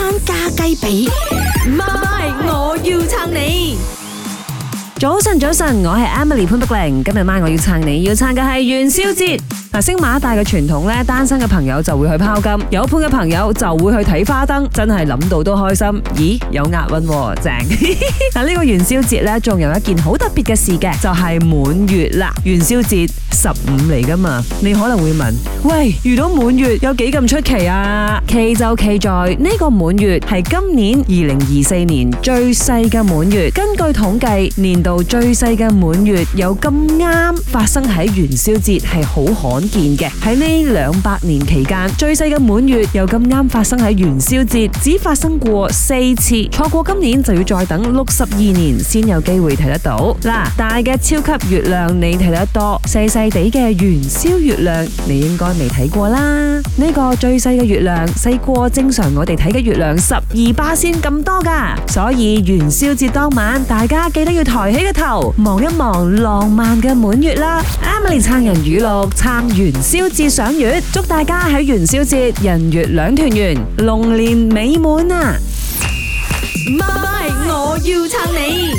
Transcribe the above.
參加雞髀，MY 我要撐你。早晨，早晨，我係 Emily 潘碧玲，今日 MY 我要撐你，要撐嘅係元宵節。星馬一帶嘅傳統咧，單身嘅朋友就會去拋金，有伴嘅朋友就會去睇花燈，真係諗到都開心。咦，有押韻喎，正！嗱，呢個元宵節咧，仲有一件好特別嘅事嘅，就係、是、滿月啦。元宵節十五嚟㗎嘛。你可能會問，喂，遇到滿月有幾咁出奇啊？奇就奇在呢、這個滿月係今年二零二四年最細嘅滿月。根據統計，年度最細嘅滿月有咁啱發生喺元宵節，係好可。罕見嘅。喺呢兩百年期間，最細嘅滿月又咁啱發生喺元宵節，只發生過四次，錯過今年就要再等六十二年先有機會睇得到。嗱，大嘅超級月亮你睇得多，細細地嘅元宵月亮你應該未睇過啦。呢、這個最細嘅月亮細過正常我哋睇嘅月亮十二巴仙咁多噶，所以元宵節當晚大家記得要抬起個頭望一望浪漫嘅滿月啦。Emily、啊、撐人語錄撐。元宵節賞月，祝大家喺元宵節人月兩團圓，龍年美滿啊！媽咪，我要撐你。